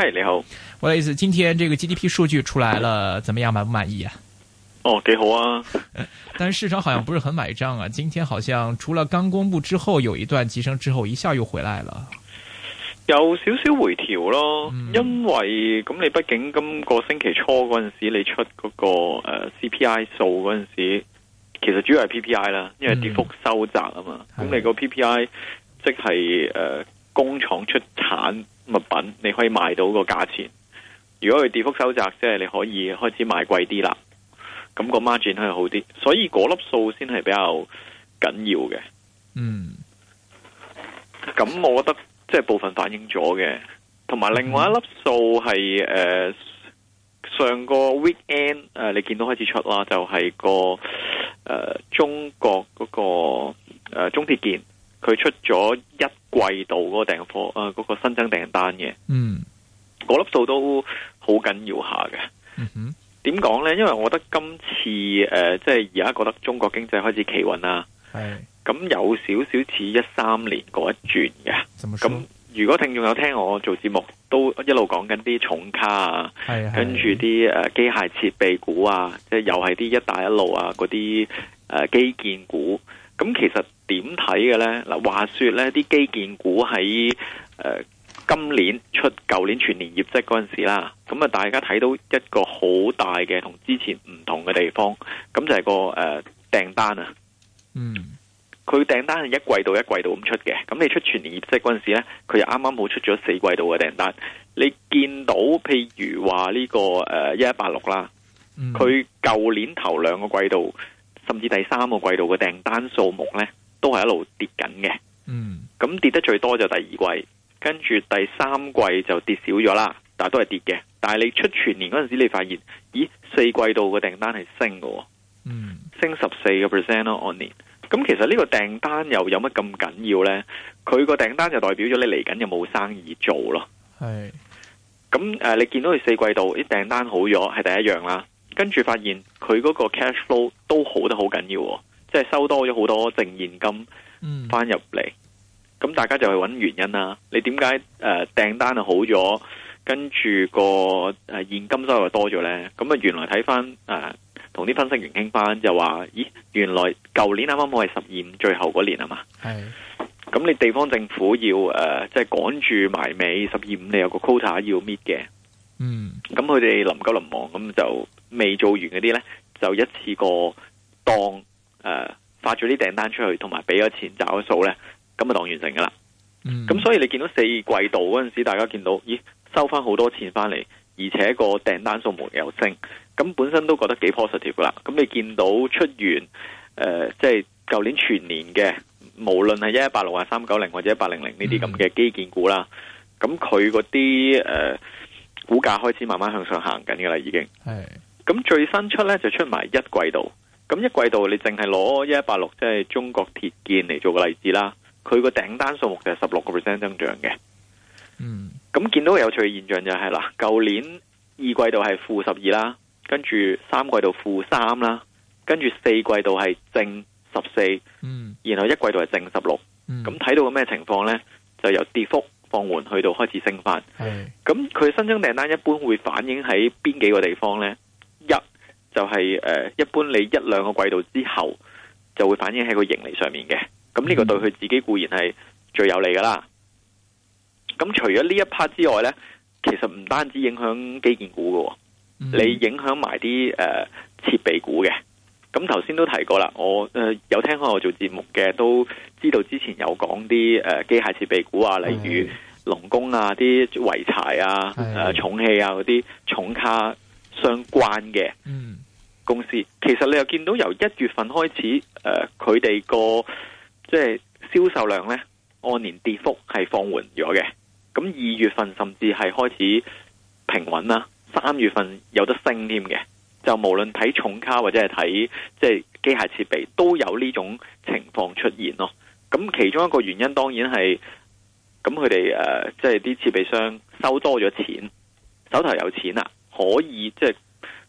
嗨、hey，你好。我的意思，今天這個 GDP 數據出來了，怎麼樣，滿不滿意啊？哦，幾好啊！但是市場好像不是很買賬啊。今天好像除了剛公布之後有一段急升之後，一下又回來了。有少少回調咯，嗯、因為咁你畢竟今個星期初嗰陣時候你出嗰個誒 CPI 數嗰陣時候，其實主要係 PPI 啦，因為跌幅收窄啊嘛。咁、嗯、你個 PPI 即係誒工廠出產。物品你可以賣到個價錢，如果佢跌幅收窄，即、就、係、是、你可以開始賣貴啲啦，咁、那個 margin 係好啲，所以嗰粒數先係比較緊要嘅。嗯，咁我覺得即係、就是、部分反映咗嘅，同埋另外一粒數係誒上個 weekend 誒、呃，你見到開始出啦，就係、是、個誒、呃、中國嗰、那個誒、呃、中鐵建，佢出咗一。季度嗰個訂貨啊，嗰個新增訂單嘅，嗯，嗰粒數都好緊要下嘅。嗯嗯，點講呢？因為我覺得今次誒、呃，即係而家覺得中國經濟開始企穩啦。係，咁有少少似一三年嗰一轉嘅。咁如果聽眾有聽我，我做節目，都一路講緊啲重卡啊，跟住啲誒機械設備股啊，即係又係啲一帶一,一路啊嗰啲誒基建股。咁其實點睇嘅呢？嗱，話說呢啲基建股喺、呃、今年出舊年全年業績嗰陣時啦，咁啊大家睇到一個好大嘅同之前唔同嘅地方，咁就係、是、個誒、呃、訂單啊。嗯，佢訂單係一季度一季度咁出嘅，咁你出全年業績嗰陣時呢，佢又啱啱好出咗四季度嘅訂單。你見到譬如話呢、這個誒一一八六啦，佢、呃、舊年頭兩個季度。甚至第三個季度嘅訂單數目呢，都係一路跌緊嘅。嗯，咁跌得最多就第二季，跟住第三季就跌少咗啦，但係都係跌嘅。但係你出全年嗰陣時，你發現，咦，四季度嘅訂單係升嘅，嗯，升十四個 percent 咯，按年。咁其實呢個訂單又有乜咁緊要呢？佢個訂單就代表咗你嚟緊有冇生意做咯。係，咁、呃、你見到佢四季度啲訂單好咗，係第一樣啦。跟住發現佢嗰個 cash flow 都好得好緊要，啊，即係收多咗好多淨現金翻入嚟。咁、嗯、大家就去揾原因啦。你點解誒訂單就好咗，跟住個誒、呃、現金收入多咗呢？咁啊，原來睇翻誒同啲分析員傾翻就話，咦，原來舊年啱啱好係十二五最後嗰年啊嘛。係。咁你地方政府要誒，即、呃、係、就是、趕住埋尾十二五，你有個 quota 要 meet 嘅。嗯。咁佢哋臨急臨忙，咁就。未做完嗰啲呢，就一次過當誒、呃、發咗啲訂單出去，同埋俾咗錢、找咗數呢，咁就當完成噶啦。咁、嗯、所以你見到四季度嗰陣時，大家見到咦收翻好多錢翻嚟，而且個訂單數目又升，咁本身都覺得幾 positive 噶啦。咁你見到出完誒，即係舊年全年嘅，無論係一一八六啊、三九零或者一八零零呢啲咁嘅基建股啦，咁佢嗰啲誒股價開始慢慢向上行緊噶啦，已經係。咁最新出咧就出埋一季度，咁一季度你淨係攞一一八六，即係中國鐵建嚟做個例子啦。佢個訂單數目就十六個 percent 增長嘅。嗯，咁見到個有趣嘅現象就係啦，舊年二季度係負十二啦，跟住三季度負三啦，跟住四季度係正十四，嗯，然後一季度係正十六，咁睇到個咩情況咧？就由跌幅放緩去到開始升翻。係，咁佢新增訂單一般會反映喺邊幾個地方咧？就係、是、誒、呃，一般你一兩個季度之後就會反映喺個盈利上面嘅。咁呢個對佢自己固然係最有利噶啦。咁除咗呢一 part 之外呢，其實唔單止影響基建股嘅，你影響埋啲誒設備股嘅。咁頭先都提過啦，我誒、呃、有聽開我做節目嘅，都知道之前有講啲誒機械設備股啊，例如龍工啊、啲濰柴啊、誒、呃、重汽啊嗰啲重卡。相關嘅公司，其實你又見到由一月份開始，誒、呃，佢哋個即係銷售量呢，按年跌幅係放緩咗嘅。咁二月份甚至係開始平穩啦，三月份有得升添嘅。就無論睇重卡或者係睇即係機械設備，都有呢種情況出現咯。咁其中一個原因當然係咁佢哋誒，即係啲設備商收多咗錢，手頭有錢啦。可以即係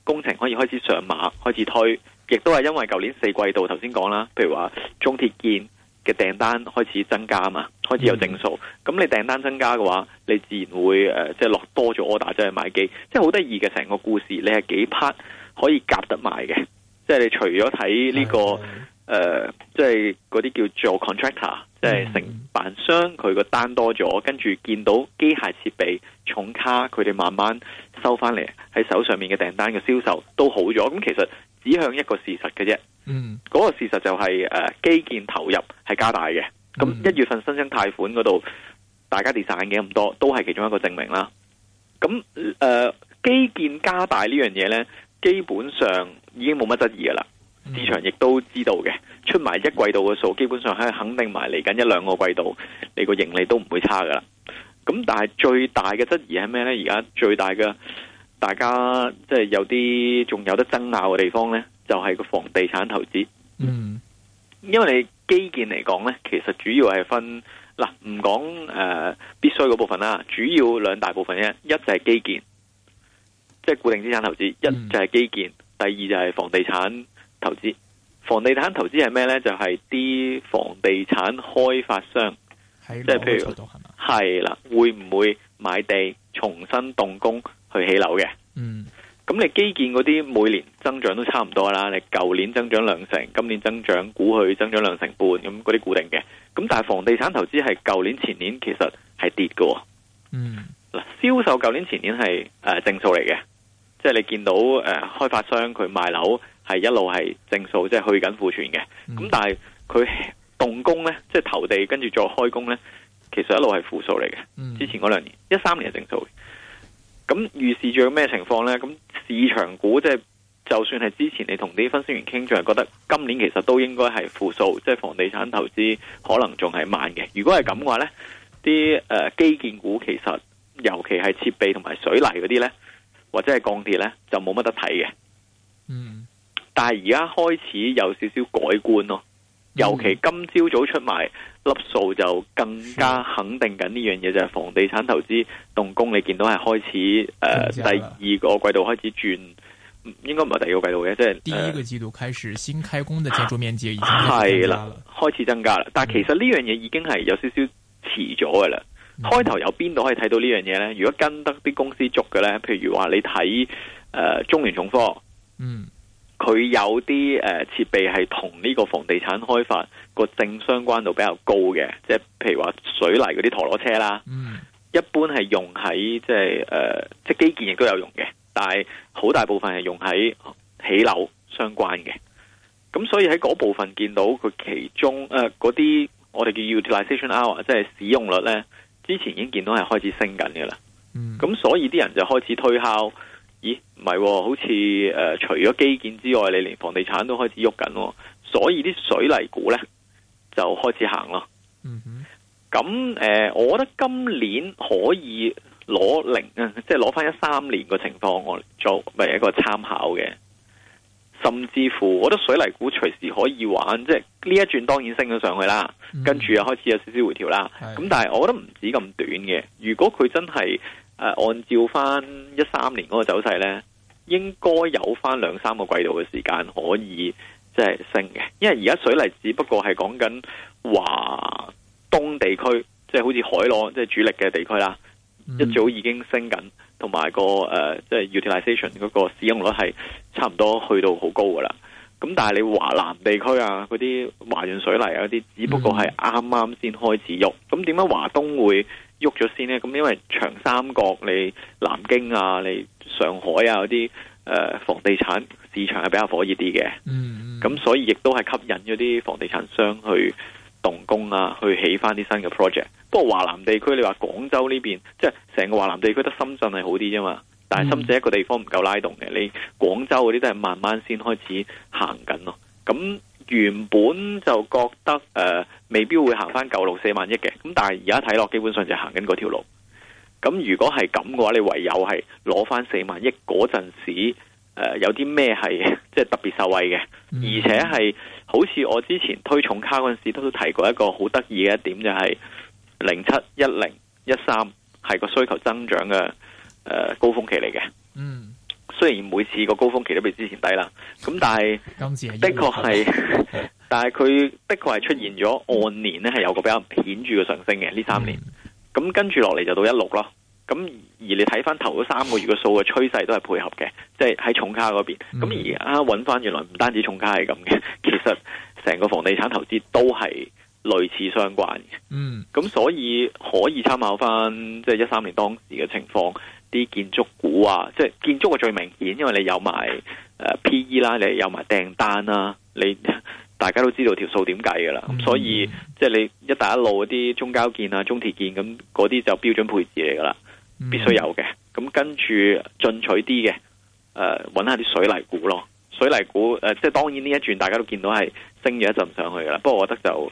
工程可以開始上馬，開始推，亦都係因為舊年四季度頭先講啦，譬如話中鐵建嘅訂單開始增加嘛，開始有正數。咁、嗯、你訂單增加嘅話，你自然會誒、呃、即係落多咗 order 即係買機，即係好得意嘅成個故事。你係幾 part 可以夾得埋嘅，即係你除咗睇呢個。嗯嗯誒、呃，即係嗰啲叫做 contractor，即係承辦商，佢個單多咗，跟住見到機械設備、重卡，佢哋慢慢收翻嚟喺手上面嘅訂單嘅銷售都好咗，咁其實指向一個事實嘅啫。嗰、嗯、個事實就係、是、誒、呃、基建投入係加大嘅，咁一月份新增貸款嗰度，大家跌晒眼鏡咁多，都係其中一個證明啦。咁誒、呃、基建加大呢樣嘢呢，基本上已經冇乜質疑噶啦。市場亦都知道嘅，出埋一季度嘅數，基本上係肯定埋嚟緊一兩個季度，你個盈利都唔會差噶啦。咁但係最大嘅質疑係咩呢？而家最大嘅大家即係有啲仲有得爭拗嘅地方呢，就係個房地產投資。嗯，因為你基建嚟講呢，其實主要係分，嗱，唔講，呃，必須嗰部分啦，主要兩大部分嘅，一就係基建，即係固定資產投資；嗯，一就係基建，第二就係房地產。投資房地產投資係咩呢？就係、是、啲房地產開發商，即係譬如係啦，會唔會買地重新動工去起樓嘅？嗯，咁你基建嗰啲每年增長都差唔多啦。你舊年增長兩成，今年增長估佢增長兩成半，咁嗰啲固定嘅。咁但係房地產投資係舊年前年其實係跌㗎。嗯，嗱，銷售舊年前年係誒正數嚟嘅，即係你見到誒開發商佢賣樓。係一路係正數，即係去緊庫存嘅。咁、嗯、但係佢動工呢，即係投地跟住再開工呢，其實一路係負數嚟嘅。之前嗰兩年，一三年係正數。咁預示住咩情況呢？咁市場股即係就算係之前你同啲分析員傾，就係覺得今年其實都應該係負數，即係房地產投資可能仲係慢嘅。如果係咁嘅話呢，啲誒、呃、基建股其實尤其係設備同埋水泥嗰啲呢，或者係鋼鐵呢，就冇乜得睇嘅。但係而家開始有少少改觀咯，尤其今朝早出埋、嗯、粒數就更加肯定緊呢樣嘢，就係、是、房地產投資動工。你見到係開始誒、呃、第二個季度開始轉，應該唔係第二個季度嘅，即、就、係、是、第一個季度開始、呃、新開工嘅建築面積已經係啦，開始增加啦。但係其實呢樣嘢已經係有少少遲咗嘅啦。開頭由邊度可以睇到呢樣嘢咧？如果跟得啲公司捉嘅咧，譬如話你睇誒、呃、中聯重科，嗯。佢有啲誒、呃、設備係同呢個房地產開發個正相關度比較高嘅，即係譬如話水泥嗰啲陀螺車啦，mm. 一般係用喺即係誒，即係基建亦都有用嘅，但係好大部分係用喺起樓相關嘅。咁所以喺嗰部分見到佢其中誒嗰啲我哋叫 utilization hour，即係使用率咧，之前已經見到係開始升緊嘅啦。咁、mm. 所以啲人就開始推敲。咦，唔係、啊，好似誒、呃，除咗基建之外，你連房地產都開始喐緊、啊，所以啲水泥股咧就開始行咯。嗯，咁誒、呃，我覺得今年可以攞零啊，即係攞翻一三年嘅情況，我做咪一個參考嘅。甚至乎，我覺得水泥股隨時可以玩，即係呢一轉當然升咗上去啦、嗯，跟住又開始有少少回調啦。咁但係，我覺得唔止咁短嘅，如果佢真係。誒，按照翻一三年嗰個走勢咧，應該有翻兩三個季度嘅時間可以即係升嘅，因為而家水泥只不過係講緊華東地區，即係好似海螺，即係主力嘅地區啦。一早已經升緊，同埋個誒，即係 utilization 嗰個使用率係差唔多去到好高噶啦。咁但係你華南地區啊，嗰啲華潤水泥啊嗰啲，只不過係啱啱先開始喐。咁點解華東會？喐咗先呢，咁因為長三角你南京啊、你上海啊嗰啲誒房地產市場係比較火熱啲嘅，咁、mm-hmm. 所以亦都係吸引咗啲房地產商去動工啊，去起翻啲新嘅 project。不過華南地區你話廣州呢邊，即係成個華南地區得深圳係好啲啫嘛，但係深圳一個地方唔夠拉動嘅，你廣州嗰啲都係慢慢先開始行緊咯，咁。原本就覺得誒、呃、未必會行翻舊路四萬億嘅，咁但係而家睇落，基本上就行緊嗰條路。咁如果係咁嘅話，你唯有係攞翻四萬億嗰陣時、呃，有啲咩係即係特別受惠嘅、嗯，而且係好似我之前推重卡嗰陣時也都提過一個好得意嘅一點、就係，就係零七一零一三係個需求增長嘅誒、呃、高峰期嚟嘅。嗯。雖然每次個高峰期都比之前低啦，咁但係的確係，今次係但係佢的確係出現咗按年咧，係有個比較顯著嘅上升嘅呢三年，咁、嗯、跟住落嚟就到一六咯，咁而你睇翻頭嗰三個月嘅數嘅趨勢都係配合嘅，即係喺重卡嗰邊，咁、嗯、而家揾翻原來唔單止重卡係咁嘅，其實成個房地產投資都係。類似相關嘅，嗯，咁所以可以參考翻，即係一三年當時嘅情況，啲建築股啊，即、就、係、是、建築嘅最明顯，因為你有埋誒、呃、PE 啦，你有埋訂單啦、啊，你大家都知道條數點計噶啦，咁、嗯、所以即係、就是、你一帶一路嗰啲中交建啊、中鐵建咁嗰啲就標準配置嚟噶啦，必須有嘅。咁跟住進取啲嘅，誒、呃、搵下啲水泥股咯，水泥股誒，即、呃、係、就是、當然呢一轉大家都見到係升咗一陣上去噶啦，不過我覺得就。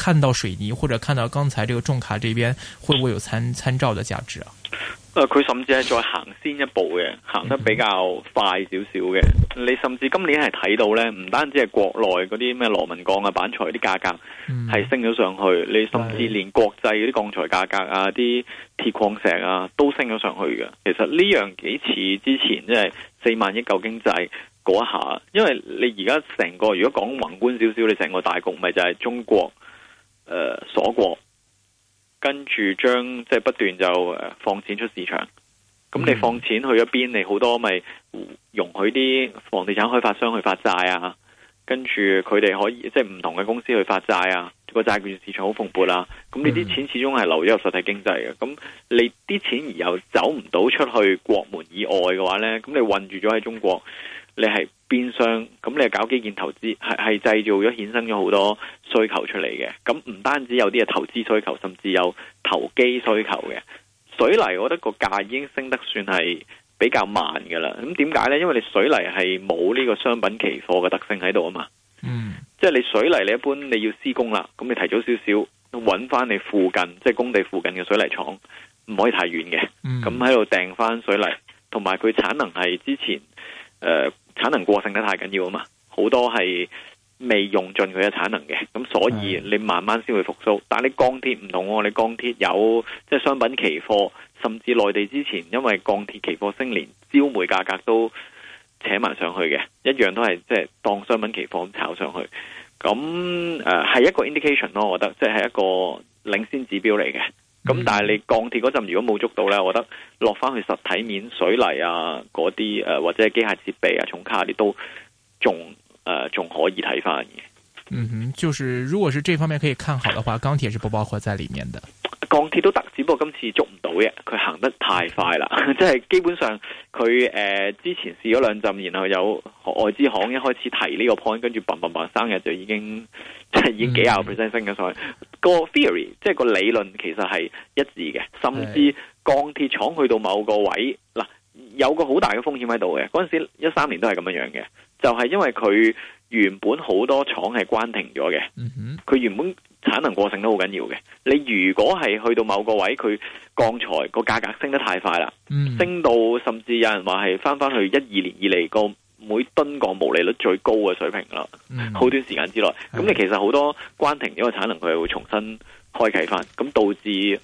看到水泥或者看到剛才這個重卡這邊，會不會有參參照的價值啊？誒，佢甚至係再行先一步嘅，行得比較快少少嘅。Mm-hmm. 你甚至今年係睇到咧，唔單止係國內嗰啲咩螺紋鋼啊、板材啲價格係升咗上去，mm-hmm. 你甚至連國際嗰啲鋼材價格啊、啲鐵礦石啊都升咗上去嘅。其實呢樣幾似之前即係四萬億舊經濟嗰一下，因為你而家成個如果講宏觀少少，你成個大局咪就係、是、中國。誒，鎖國，跟住將即係不斷就誒放錢出市場，咁你放錢去一邊，你好多咪容許啲房地產開發商去發債啊，跟住佢哋可以即係唔同嘅公司去發債啊，個債券市場好蓬勃啊，咁你啲錢始終係留咗入實體經濟嘅，咁你啲錢而又走唔到出去國門以外嘅話呢，咁你困住咗喺中國，你係。變相咁你搞基建投資，係係製造咗衍生咗好多需求出嚟嘅。咁唔單止有啲係投資需求，甚至有投機需求嘅。水泥我覺得個價已經升得算係比較慢噶啦。咁點解呢？因為你水泥係冇呢個商品期貨嘅特性喺度啊嘛。嗯、即係你水泥你一般你要施工啦，咁你提早少少揾翻你附近即係、就是、工地附近嘅水泥廠，唔可以太遠嘅。咁喺度訂翻水泥，同埋佢產能係之前，呃產能過剩得太緊要啊嘛，好多係未用盡佢嘅產能嘅，咁所以你慢慢先會復蘇。但係你鋼鐵唔同我，你鋼鐵有即係、就是、商品期貨，甚至內地之前因為鋼鐵期貨升，連焦煤價格都扯埋上去嘅，一樣都係即係當商品期貨咁炒上去。咁誒係一個 indication 咯，我覺得即係、就是、一個領先指標嚟嘅。咁、嗯、但係你鋼鐵嗰陣如果冇捉到咧，我覺得落翻去實體面水泥啊，嗰啲誒，或者係機械設備啊重卡啲都仲，誒，仲可以睇翻嘅。嗯哼，就是如果是這方面可以看好的話，鋼鐵是不包括在裏面的。鋼鐵都得，只不過今次捉唔到嘅，佢行得太快啦，okay. 即係基本上佢誒、呃、之前試咗兩浸，然後有外資行一開始提呢個 point，跟住嘭嘭嘭三日就已經即係已經幾十個 percent 升嘅上去。個、mm. theory 即係個理論其實係一致嘅，甚至鋼鐵廠去到某個位嗱，有個好大嘅風險喺度嘅。嗰陣時一三年都係咁樣樣嘅。就係、是、因為佢原本好多廠係關停咗嘅，佢、嗯、原本產能過剩都好緊要嘅。你如果係去到某個位，佢鋼材個價格升得太快啦、嗯，升到甚至有人話係翻翻去一二年以嚟個每噸個毛利率最高嘅水平啦。好、嗯、短時間之內，咁你其實好多關停咗嘅產能，佢係會重新開啟翻，咁導致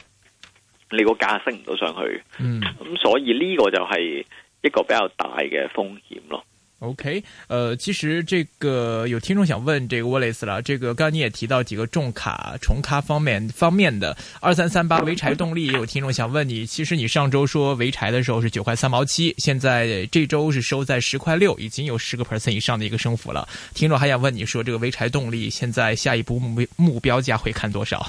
你個價升唔到上去。咁、嗯、所以呢個就係一個比較大嘅風險咯。OK，呃，其實這個有聽眾想問這個 Wallace 了。這個剛才你也提到幾個重卡、重卡方面方面的二三三八濰柴動力。有聽眾想問你，其實你上周說濰柴的時候是九塊三毛七，現在這周是收在十塊六，已經有十個 percent 以上的一個升幅了。聽眾還想問你說，這個濰柴動力現在下一步目目標價會看多少？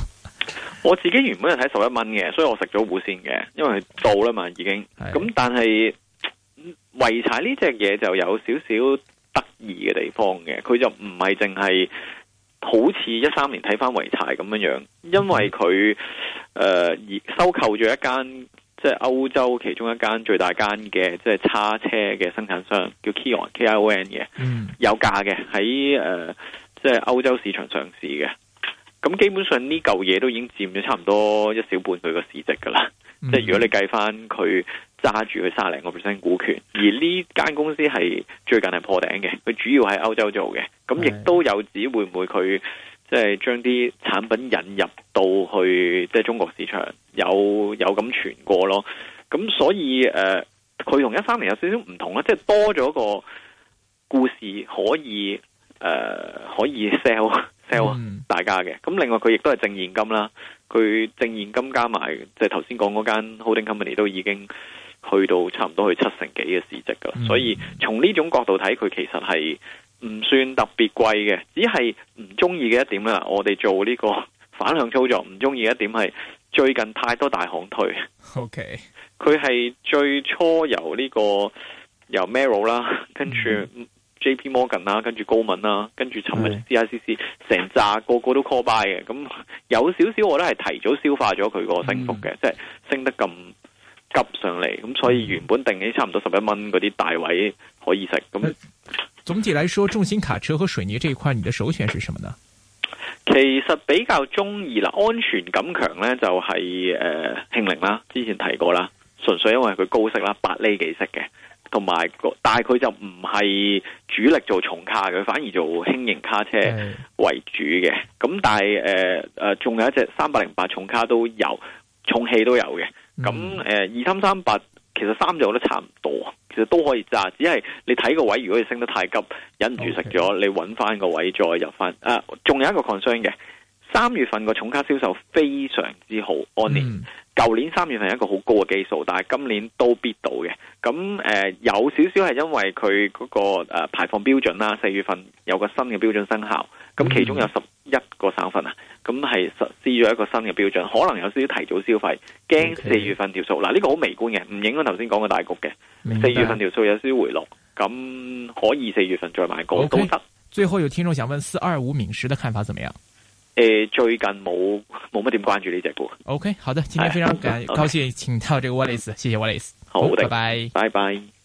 我自己原本是睇十一蚊嘅，所以我食咗五仙嘅，因為到啦嘛已經，咁但係。濰柴呢隻嘢就有少少得意嘅地方嘅，佢就唔係淨係好似一三年睇翻濰柴咁樣樣，因為佢誒、呃、收購咗一間即係歐洲其中一間最大間嘅即係叉車嘅生產商叫 Kion Kion 嘅，嗯、有價嘅喺誒即係歐洲市場上市嘅，咁基本上呢嚿嘢都已經佔咗差唔多一小半佢個市值噶啦，嗯、即係如果你計翻佢。揸住佢卅零個 percent 股權，而呢間公司係最近係破頂嘅，佢主要喺歐洲做嘅，咁亦都有指會唔會佢即係將啲產品引入到去即係、就是、中國市場，有有咁傳過咯。咁所以誒，佢、呃、同、就是、一三年有少少唔同啦，即係多咗個故事可以誒、呃、可以 sell、嗯、 sell 大家嘅。咁另外佢亦都係淨現金啦，佢淨現金加埋即係頭先講嗰間 holding company 都已經。去到差唔多去七成幾嘅市值㗎，嗯，所以從呢種角度睇，佢其實係唔算特別貴嘅，只係唔中意嘅一點啦。我哋做呢個反向操作，唔中意嘅一點係最近太多大行推。OK，佢係最初由呢，這個由 Merrill 啦，跟住 JP Morgan 啦，跟住高敏啦，跟住尋日 C I C C 成紮個個都 call buy 嘅，咁有少少我覺得係提早消化咗佢個升幅嘅，嗯，即係升得咁。急上嚟，咁所以原本定起差唔多十一蚊嗰啲大位可以食。咁、嗯、總體來說， 重型卡車和水泥這一塊，你的首選是什麼呢？其實比較中意啦，安全感強呢就係誒慶鈴啦，之前提過啦，純粹因為佢高息啦，八厘幾息嘅，同埋個但係佢就唔係主力做重卡嘅，反而做輕型卡車為主嘅。咁、哎、但係誒誒，仲、呃呃、有一隻三百零八重卡都有，重汽都有嘅。咁誒，二三三八，其實三隻我都差唔多，其實都可以揸，只係你睇個位，如果你升得太急，忍唔住食咗，okay. 你搵翻個位再入翻。啊，仲有一個 concern 嘅，三月份個重卡銷售非常之好。按、嗯、年舊年三月份一個好高嘅基數，但係今年都 bit 到嘅。咁誒、呃、有少少係因為佢嗰個排放標準啦，四月份有個新嘅標準生效，咁其中有十一個省份。啊、嗯。咁係實施咗一個新嘅標準，可能有少少提早消費，驚四月份條數。嗱，呢個好微觀嘅，唔影響頭先講嘅大局嘅。四月份條數有少少回落，咁可以四月份再買股都得。最後有聽眾想問四二五敏實嘅看法怎麼樣？誒、呃，最近冇冇乜點關注呢隻股。O、okay, K，好的，今天非常感興、哎、高興，okay. 請到這個 Wallace，謝謝 Wallace，好，好，拜拜，拜拜。Bye bye.